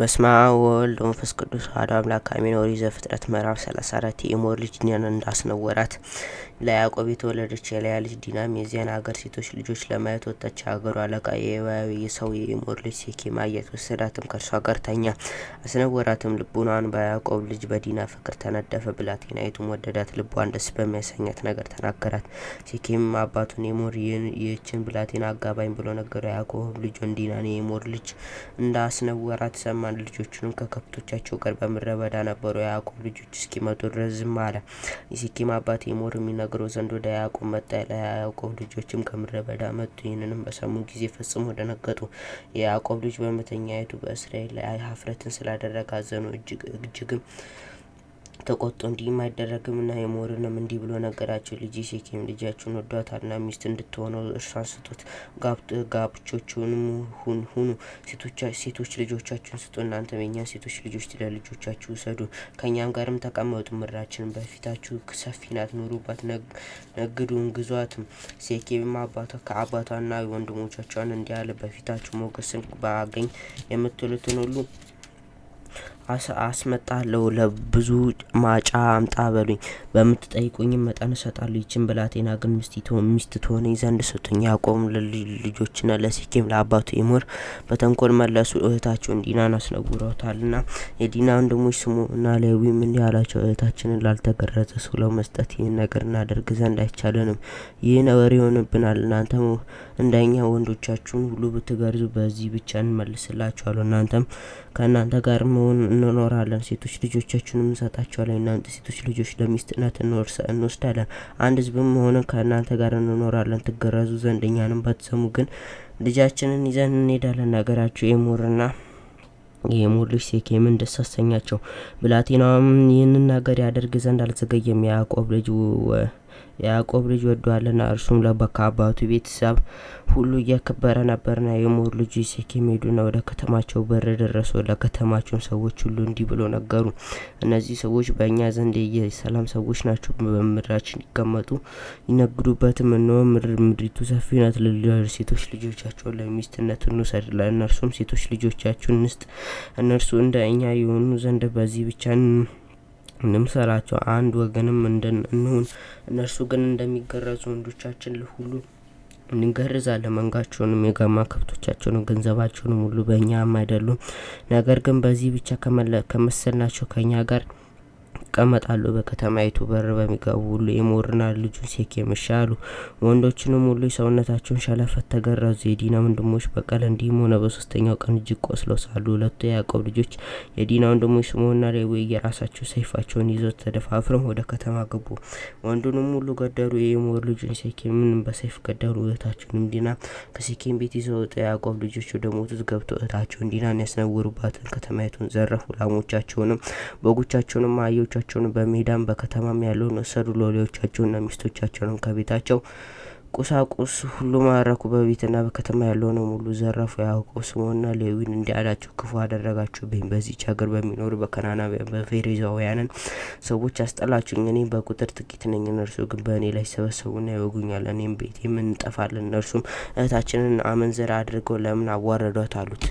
በስመ አብ ወወልድ ወመንፈስ ቅዱስ አሐዱ አምላክ አሜን። ኦሪት ዘፍጥረት ምዕራፍ 34 የኤሞር ልጅ ዲናን እንዳስነወራት ለያዕቆብ የተወለደች የልያ ልጅ ዲናም የዚያን አገር ሴቶች ልጆች ለማየት ወጣች። የሀገሩ አለቃ የኤዋያዊ የሰው የኤሞር ልጅ ሴኬም አያት፣ ወሰዳትም፣ ከእርሷ ጋር ተኛ፣ አስነወራትም። ልቡናን በያዕቆብ ልጅ በዲና ፍቅር ተነደፈ። ብላቴናይቱም ወደዳት፣ ልቧን ደስ በሚያሰኛት ነገር ተናገራት። ሴኬም አባቱን ኤሞር ይህችን ብላቴና አጋባኝ ብሎ ነገረው። ያዕቆብ ልጁን ዲናን የኤሞር ልጅ እንዳስነወራት ሰማ። ላባን ልጆቹንም ከከብቶቻቸው ጋር በምድረ በዳ ነበሩ። የያዕቆብ ልጆች እስኪመጡ ድረስ ዝም አለ። የሴኬም አባት ኤሞር የሚነግረው ዘንድ ወደ ያዕቆብ መጣ። ለያዕቆብ ልጆችም ከምድረ በዳ መጡ። ይህንንም በሰሙ ጊዜ ፈጽሞ ደነገጡ። የያዕቆብ ልጅ በመተኛየቱ በእስራኤል ላይ ሀፍረትን ስላደረገ አዘኑ። እጅግም ተቆጡ። እንዲህም ና ኤሞርንም እንዲህ ብሎ ነገራቸው። ልጅ ሴኬም ልጃችሁን ወዷታል ና ሚስት እንድትሆነው እርሷን ስጡት። ሁን ሁኑ፣ ሴቶች ልጆቻችሁን ስጡ። እናንተ የእኛን ሴቶች ልጆች ለልጆቻችሁ ውሰዱ፣ ከእኛም ጋርም ተቀመጡ። ምድራችን በፊታችሁ ሰፊ ናት፣ ኑሩባት፣ ነግዱን፣ ግዟትም። ሴኬምም ከአባቷና ወንድሞቿን እንዲህ አለ፣ በፊታችሁ ሞገስን ባገኝ የምትሉትን ሁሉ አስመጣለሁ ለብዙ ማጫ አምጣ በሉኝ፣ በምትጠይቁኝም መጠን እሰጣለሁ። ይችን ብላቴና ግን ሚስት ትሆነኝ ዘንድ ስጡኝ። ያዕቆብም ለልጆችና ለሴኬም ለአባቱ ኤሞር በተንኮል መለሱ። እህታቸውን ዲናን አስነውረውታልና የዲና ወንድሞች ስምዖንና ሌዊ ምን ያላቸው እህታችንን ላልተገረዘ ሰው ለመስጠት ይህን ነገር እናደርግ ዘንድ አይቻለንም። ይህ ነበር ይሆንብናል። እናንተም እንደኛ ወንዶቻችሁን ሁሉ ብትገርዙ በዚህ ብቻ እንመልስላችኋለሁ። እናንተም ከእናንተ ጋር መሆን እንኖራለን። ሴቶች ልጆቻችሁንም እንሰጣቸዋለን። እናንተ ሴቶች ልጆች ለሚስትነት እንወስዳለን፣ አንድ ህዝብም ሆነን ከእናንተ ጋር እንኖራለን። ትገረዙ ዘንድ እኛንም ባትሰሙ ግን ልጃችንን ይዘን እንሄዳለን። ነገራችሁ ኤሞርና የኤሞር ልጅ ሴኬምን ደስ አሰኛቸው። ብላቴናውም ይህንን ነገር ያደርግ ዘንድ አልዘገየም። ያዕቆብ ልጅ የያዕቆብ ልጅ ወዶአልና እርሱም ከአባቱ ቤተሰብ ሁሉ እያከበረ ነበርና የሞር ልጁ ሴኬም ሄዱና ወደ ከተማቸው በር ደረሱ ወደ ሰዎች ሁሉ እንዲህ ብሎ ነገሩ እነዚህ ሰዎች በእኛ ዘንድ የሰላም ሰዎች ናቸው በምድራችን ይቀመጡ ይነግዱበትም እነሆ ምድሪቱ ሰፊ ናት ሴቶች ልጆቻቸውን ለሚስትነት እንውሰድ ለእነርሱም ሴቶች ልጆቻችሁን እንስጥ እነርሱ እንደ እኛ የሆኑ ዘንድ በዚህ ብቻ እንምሰላቸው፣ አንድ ወገንም እንሁን። እነርሱ ግን እንደሚገረዙ ወንዶቻችን ሁሉ እንገርዛለን። መንጋቸውንም፣ የጋማ ከብቶቻቸውንም፣ ገንዘባቸውንም ሁሉ በእኛ አይደሉም። ነገር ግን በዚህ ብቻ ከመሰልናቸው ከእኛ ጋር ይቀመጣሉ። በከተማይቱ በር በሚገቡ ሁሉ ኤሞርና ልጁን ሴኬም እሺ አሉ። ወንዶችንም ሁሉ የሰውነታቸውን ሸለፈት ተገረዙ። የዲና ወንድሞች በቀል እንዲህም ሆነ። በሶስተኛው ቀን እጅግ ቆስለው ሳሉ ሁለቱ የያዕቆብ ልጆች የዲና ወንድሞች ስምዖንና ሌዊ የራሳቸው ሰይፋቸውን ይዘው ተደፋፍረው ወደ ከተማ ገቡ። ወንዱንም ሁሉ ገደሉ። የኤሞር ልጁን ሴኬምን በሰይፍ ገደሉ። እህታቸውንም ዲና ከሴኬም ቤት ይዘው ወጡ። የያዕቆብ ልጆች ወደ ሞቱት ገብቶ እህታቸውን ዲናን ያስነውሩባትን ከተማይቱን ዘረፉ። ላሞቻቸውንም በጎቻቸውንም አህዮቻቸው ልጆቻቸውን በሜዳም በከተማም ያለውን ወሰዱ። ሎሌዎቻቸውና ሚስቶቻቸውን ከቤታቸው ቁሳቁስ ሁሉ ማረኩ። በቤትና በከተማ ያለውን ሙሉ ዘረፉ። ያዕቆብ ስምዖንና ሌዊን እንዲህ አላቸው፣ ክፉ አደረጋችሁብኝ። በዚች ሀገር በሚኖሩ በከናናውያን በፌሬዛውያንን ሰዎች አስጠላችሁኝ። እኔም በቁጥር ጥቂት ነኝ፣ እነርሱ ግን በእኔ ላይ ሰበሰቡና ይወጉኛል። እኔም ቤቴም እንጠፋለን። እነርሱም እህታችንን አመንዝራ አድርገው ለምን አዋረዷት አሉት።